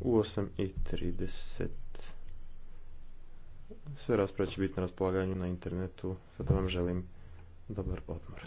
u 8.30. Sve rasprave će biti na raspolaganju na internetu. Sada vam želim dobar odmor.